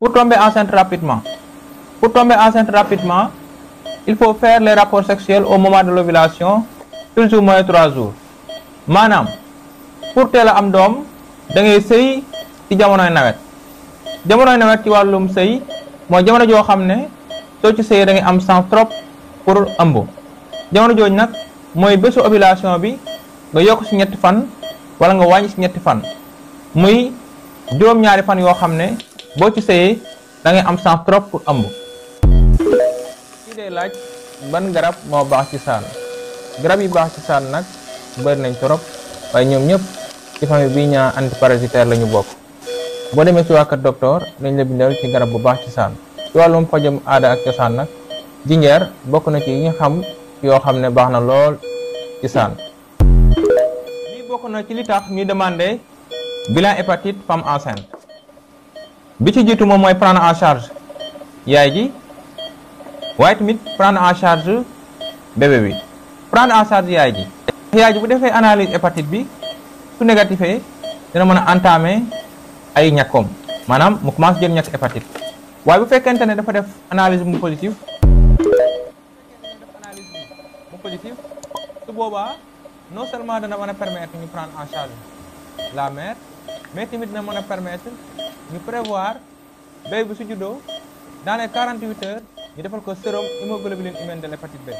Pour tomber enceinte rapidement, pour tomber enceinte rapidement, il faut faire les rapports sexuels au moment de l'ovulation plus ou moins 3 jours maanaam pour teel a am doom da ngay sëy ci jamonoy nawet jamonoy nawet ci wàllum sëy mooy jamono joo xam ne soo ci sëyee da ngay am sang trop pour ëmb jamono jooju nag mooy bésu ovulation bi nga yokk ci ñetti fan wala nga wàññi ci ñetti fan muy juróom-ñaari fan yoo xam ne boo ci sëyee da am sang trop pour ëmb kii day laaj ban garab moo baax ci saan garab yi baax ci saan nag bëri nañ trop waaye ñoom ñëpp ci famille bi ñaa antiparasitaire la ñu bokk boo demee ci waa kër docteur dañ la bindal ci garab bu baax ci saan ci wàllum fajam aada ak cosaan nag jinjeer bokk na ci yi nga xam yoo xam ne baax na lool saan lii na ci li tax ñu demandé bilan hépatite femme enceinte bi ci jiitu moom mooy prendre en charge yaay ji waaye tamit prendre en charge bébé bi prendre en charge yaay ji yaay ji bu defee analyse hépatite bi su négatifee dana mën a entamer ay ñàkkoom maanaam mu commencé jël ñàkk hépatite waaye bu fekkente ne dafa def analyse mu positif mu positif su boobaa non seulement dana mën a permettre ñu prendre en charge la mère mais tamit dina mën a permettre ñu prévoir béy bu su juddoo dans les 48 heures ñu defal ko sérum hémoglobine humaine de l'hépatite B